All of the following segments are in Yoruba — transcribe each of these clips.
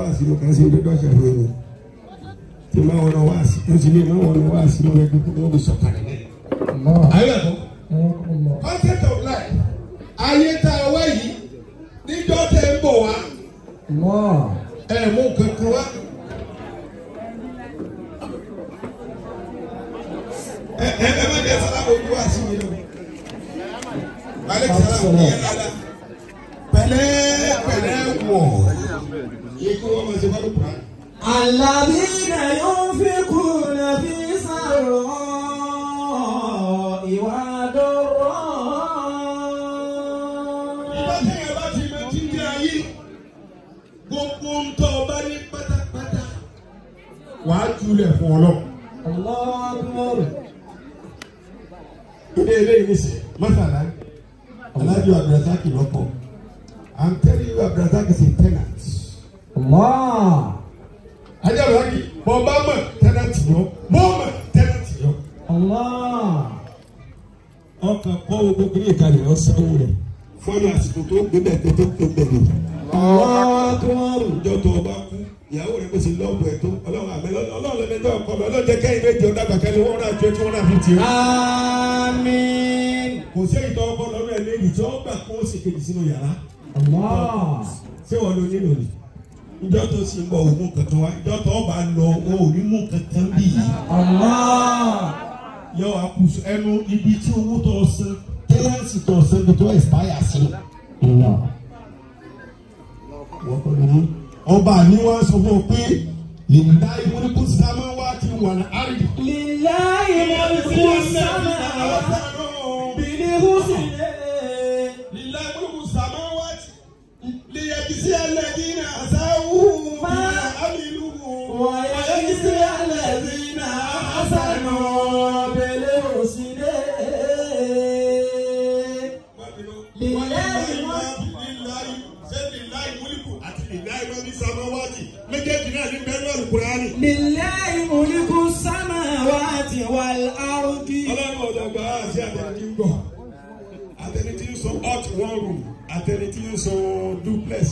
wáàsí mo kàn sí dúdú ọ̀sẹ̀ fún mi tí máa wọnà wáàsí mo sì lè máa wọnà concept of life ayé tá a wá yìí níjọ́ tẹ̀ ń bọ̀ wá ẹ̀ mú kankan wá. ẹ ẹ ẹ má jẹ sálábà ojú wa sí mi Àlàbíyà yóò fi kùnà fi sàrọ̀ ìwà dọ̀rọ̀. Ìgbà tẹ̀yẹ̀ bá ti mọ jíjẹ́ ayé, gbogbo ń tọ́ ọba ní pátápátá. Wàá júlẹ̀ fún ọ lọ. Ọlọ́run. Ilé ilé ṣe mọ́tàlá. Alájọ Abdulrasaki lọ́pọ̀. I'm telling you Abdulrasaki is a tenant ajá ló wáyé bọ́ bá mọ̀ tẹ́nàtì yọ bọ́ mọ̀ tẹ́nàtì yọ. ọkàn kọ́ wo gbogbo ní ìkàlẹ̀ ọ̀sánwó rẹ̀ fọ́nà àsìkò tó gbé bẹ̀ẹ̀ tó tó gbẹ̀dẹ̀. ìjọ tó o bá kú ìyàwó rẹ kò sí lọ́ọ̀bù ẹ̀ tó ọlọ́run àmì ọlọ́run lẹ́mẹ̀ náà kọ́ mi ọlọ́run jẹ́ kẹ́yìn méjì ọ̀dà gbàkẹ́lẹ́ wọn náà twenty one and fifty. àmín. kò sí ìtọ́ ọkọ lọ́rùn ẹ̀ lẹ́yìn tí wọ́n gbà kó o sì kejì sínú yàrá. ṣé wọ́n lo nílò ni ìjọ tó sì ń bọ̀ òun kankan wá ìjọ tó bá lọ òun mú kankan bí yìí. yọ àkùsù ẹnu ibi tí owó tó san tẹ́lẹ̀sì tó san ibi tó expire sí. ọba ni wọn sọ fún ọ pé lèlá ìmúlẹ́kùn sámá wá ti wà ní àrídì. lèlá ìmúlẹ́kùn sámá wá ti wà ní àrídì. méjèèjì náà ní bẹ́ẹ̀ lọ́rùn kúránì. lillahi mulku samawati wal ardi. ọlọ́run ọ̀dọ́gba àti àtẹnití ń bọ̀ àtẹnití ń sọ hot one room àtẹnití ń sọ duplex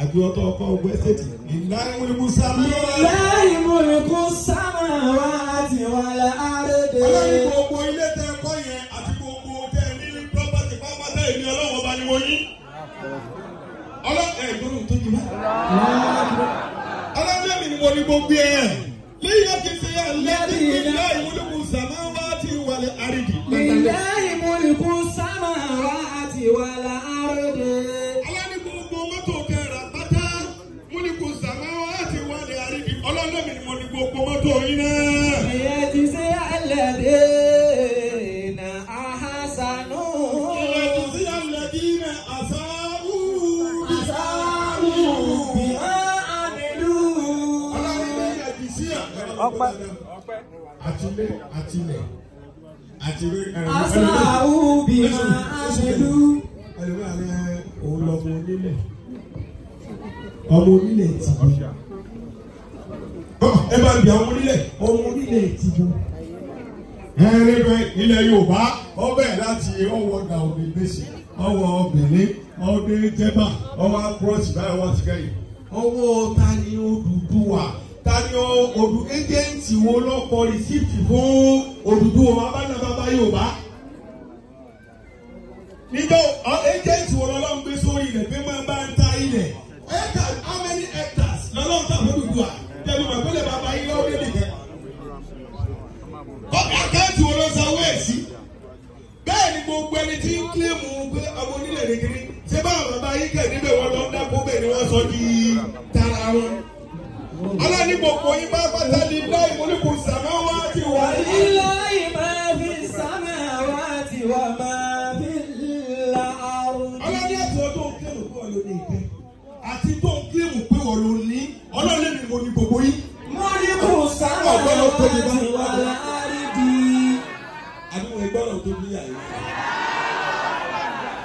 àgbẹ̀wọ̀tọ̀ ọkọ̀ ọgbẹ́ sẹ́tì. lillahi mulku samawati. lillahi mulku samawati. níbo ni gbogbo ẹ̀. lẹ́yìn náà kìí ṣe yà lẹ́yìn nílẹ̀ ìmúlùkù sàmà wá ti wàlẹ̀ àrídì. nílẹ̀ ìmúlùkù sàmà wá ti wàlẹ̀ àrídì. aláni gbogbo mọ́tò kẹrà pátá múlùkù sàmà wá ti wàlẹ̀ àrídì ọlọ́lọ́mì ni mo ní gbogbo mọ́tò yín náà. ọpẹ́ àtìlẹ àtìlẹ àtìlẹ. asáhù bí máa aṣèlú. ẹlòmíràn ni òun lọmọ onílẹ̀ ọmọ onílẹ̀ ti ẹ bá bí ọmọ onílẹ̀ ọmọ onílẹ̀ ti bọ. ẹrẹbẹ ilẹ̀ Yorùbá ọbẹ láti ọwọ́ gà òbí gbèsè ọwọ́ obìnrin ọdẹ jẹba ọwọ́ akúrọsì báyìí ọwọ́ ti kẹyìn ọwọ́ ta ni ó dùn ni odù éjẹǹtì wo lọ́kọ rìsíìtì fún Odùduwà wọn abáná bàbá Yorùbá níjọ éjẹǹtì wo lọ́lọ́run gbé sórí ilẹ̀ pé máa bá ń ta ilẹ̀ hectares how many hectares lọ́lọ́run tà fún Odùduwà tẹ̀lé màgbélé bàbá yìí lọ́wọ́ lé nìkan àkáǹtì wo ló sanwó ẹ̀ sí bẹ́ẹ̀ ni gbogbo ẹni tí ń kílèmù pé àwọn onílẹ̀ nìkiri ṣé báwọn bàbá yìí kẹ̀ níbẹ̀ wọ́n lọ dáko bẹ́ẹ̀ ni wọ́n sọ di gbogbo yín bá pátá ní láì mọ́lùkù sàmá wá ti wà ní. láì fi sàmá wá ti wà máa fi la àrùn. ọlọ́ni ẹ̀sìn ọdún kírun pé ọ̀lọ́ ní ìtẹ́ àti tó ń kírun pé ọ̀lọ́ ní ọlọ́ni mi mo ní gbogbo yín. mọ́lùkù sàmá wá ti wà láàrin bí. àbúrò ìgbọ́ràn tó bí àyè.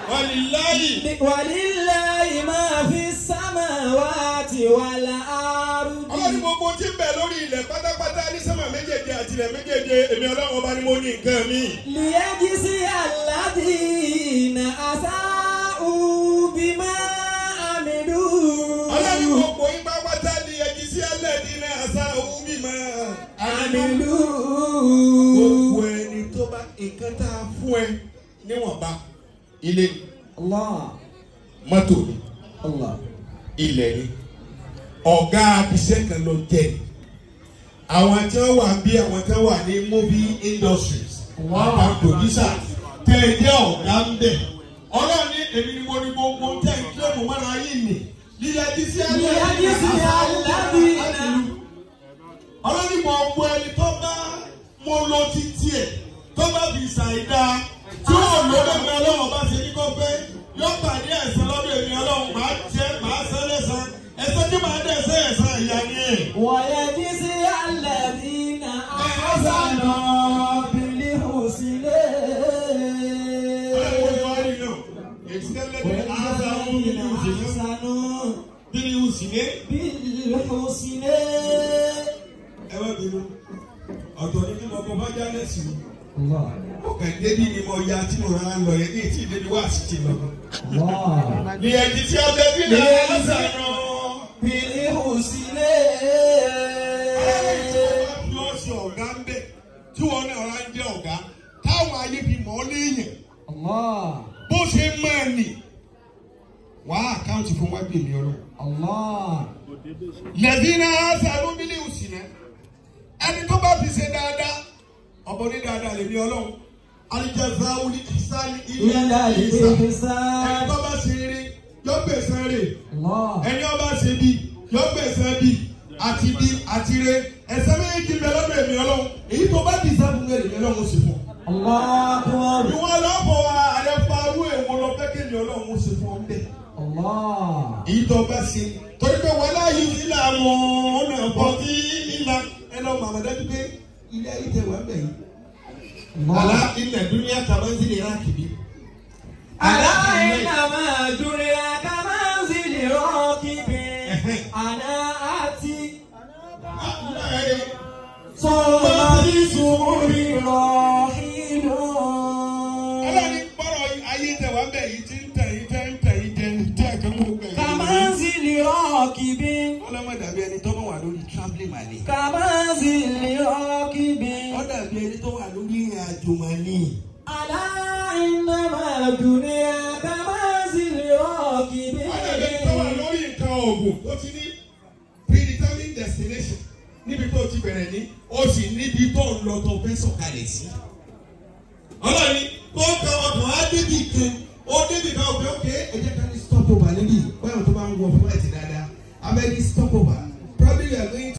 wàlíláyì. wàlíláyì máa fi sàmá wá ti wà láàrin. ilẹ̀ méjèèjì èmi ọlọ́run ọba ni mo ní nǹkan mi. lìyẹ́jì sí àlàdì nà àṣà òbí máa àmìlú. ọlọ́run gbogbo ni pátá lìyẹ́jì sí àlàdì nà àṣà òbí máa àmìlú. gbogbo ẹni tó bá nǹkan tá a fún ẹ níwọ̀nba ilé ni mọ́tò ni ilẹ̀ ni ọ̀gá abiṣẹ́ kan ló jẹ́ ni àwọn tí wọ́n wà bí àwọn tí wọ́n wà ní movie industries àwọn producer tẹ̀ jẹ́ ọ̀gá ń bẹ̀ ọlọ́run ní èmi ni mo ní gbogbo tẹ̀ ń kílẹ̀ mọ́ mọ́ra yìí nì yíyájí sí alẹ́ yíyájí sí ọlọ́run ní mo ẹni tó bá mo lo títí ẹ̀ tó bá fi ṣàìdá tí ó lò lẹ́gbẹ̀ẹ́ ọlọ́run bá ṣe ní kó pé yóò pàdé ẹ̀sán lọ́dọ̀ èmi ọlọ́run máa jẹ́ máa sẹ́lẹ̀ sàn ẹ̀sán tí màá dẹ̀ sẹ́yẹ̀ sàn ìyá ni ẹ̀. sí i. ó kàn débi ni mo ya tí mo rárá ń lọ yẹn ní ìtì ìdílé wá sí ti lọ. ní ẹni tí ọjọ́ bí náà wọ́n sànù. bìlì òsínlẹ̀. àwọn ọ̀sẹ̀ ọ̀gá ń bẹ̀ tí wọ́n ní ọ̀rá ń jẹ́ ọ̀gá táwọn ayé fi mọ̀ ọ́ léèyàn. bó ṣe máa nì wàá àkáǹtì fún wájú èmi ọlọ́run. lẹ́sìn náà sànù. ọ̀bọ ní dáadáa lèmi ọlọ́run. alijasa wuli kisa ilé alisa ẹni tó bá ṣe eré gbèsè rè ẹni ọba ṣe bí yọ gbèsè bí àti bí àti rè ẹsẹ méjì bẹ lọ́dọ̀ èmi ọlọ́run èyí tó bá dì sábùn rẹ èmi ọlọ́run sì fún. ìwọ lọ́pọ̀ àlẹ́ parú èwo lọ fẹ́ kémi ọlọ́run sì fún ọ bẹ́ẹ̀. èyí tó bá ṣe torí pé wọn láàyè ìlànà ọ̀nà ẹ̀kọ́ tí ìlànà ẹ̀ lọ́ọ́ màmá dájú pé ilé ayé tẹ̀ wá bẹ̀ yìí ala inna duniya kaman zili bi. ala ina ma duniya kaman zili rakibi ana ati. sọ́ọ́ bá bí di rí rọ̀. lè mà ní. kàmáàsì lè ọ́ kíbi. ó dàbí ẹni tó wà lórí ìrìn àjò mà ní. àlá iná máa dùn ní ẹ kàmáàsì lè ọ́ kíbi. ó dàbí ẹni tó wà lórí nǹkan oògùn tó ti ní predetermined destination níbi tó ti bẹ̀rẹ̀ ní ó sì níbi tó ń lọ tó fẹ́ sọ̀kalẹ̀ sí. ọlọ́ni tó ka ọkàn á débi kan ó débi kan òkè òkè ẹ ká ní stop over níbí báyọ̀ tó bá ń wọ fún ẹ̀sìn dáadáa abẹ́ni stop over probably you are going.